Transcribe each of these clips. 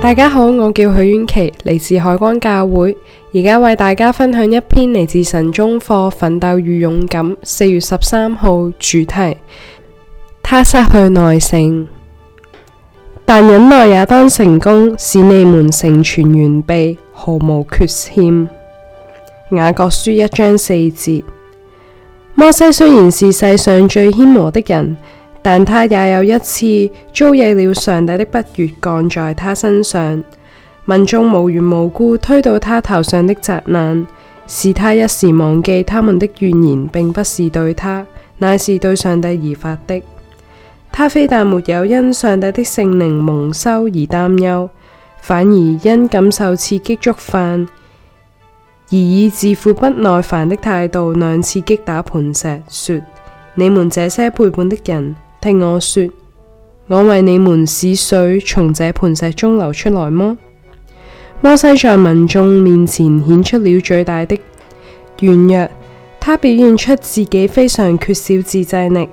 大家好，我叫許婉琪，嚟自海關教會，而家為大家分享一篇嚟自神中課《奮鬥與勇敢》四月十三號主題。他失去耐性，但忍耐也當成功，使你們成全完備，毫無缺欠。雅各書一章四節。摩西雖然是世上最謙和的人。但他也有一次遭遇了上帝的不悅降在他身上，民眾無緣無故推到他頭上的責難，使他一時忘記他們的怨言，並不是對他，乃是對上帝而發的。他非但沒有因上帝的聖靈蒙羞而擔憂，反而因感受刺激觸犯而以自負不耐煩的態度，兩次擊打磐石，說：你們這些背叛的人！聽我說，我為你們使水從這磐石中流出來麼？摩西在民眾面前顯出了最大的軟弱，他表現出自己非常缺少自制力，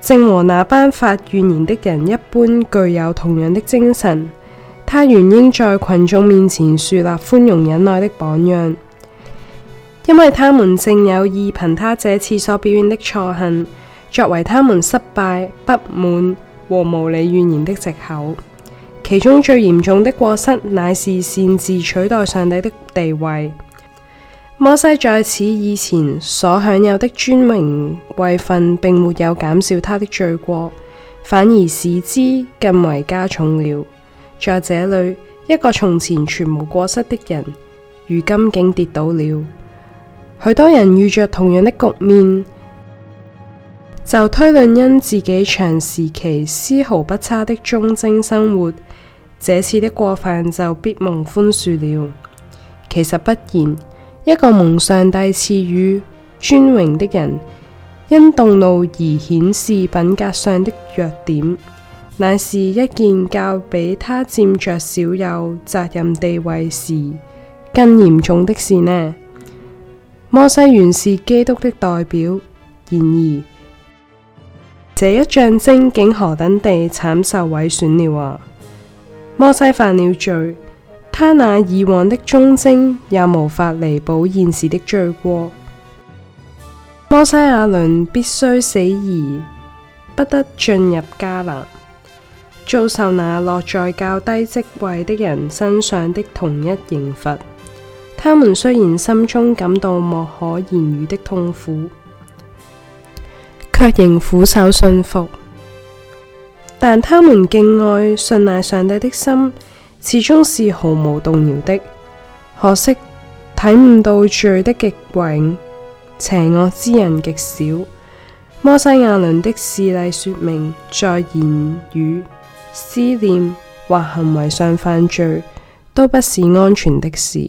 正和那班發怨言的人一般具有同樣的精神。他原應在群眾面前樹立寬容忍耐的榜樣，因為他們正有意憑他這次所表現的錯行。作為他們失敗、不滿和無理怨言的藉口，其中最嚴重的過失乃是擅自取代上帝的地位。摩西在此以前所享有的尊榮位份，並沒有減少他的罪過，反而使之更為加重了。在這裏，一個從前全無過失的人，如今竟跌倒了。許多人遇着同樣的局面。就推論，因自己長時期絲毫不差的忠貞生活，這次的過犯就必蒙寬恕了。其實不然，一個蒙上帝賜予尊榮的人，因動怒而顯示品格上的弱點，乃是一件較比他佔着少有責任地位時更嚴重的事呢。摩西原是基督的代表，然而。這一象徵竟何等地慘受毀損了啊！摩西犯了罪，他那以往的忠貞也無法彌補現時的罪過。摩西亞倫必須死而不得進入迦南，遭受，那落在較低職位的人身上的同一刑罰。他們雖然心中感到莫可言喻的痛苦。卻仍俯首信服，但他們敬愛、信賴上帝的心，始終是毫無動搖的。可惜睇唔到罪的極榮，邪惡之人極少。摩西亞倫的事例說明，在言語、思念或行為上犯罪，都不是安全的事。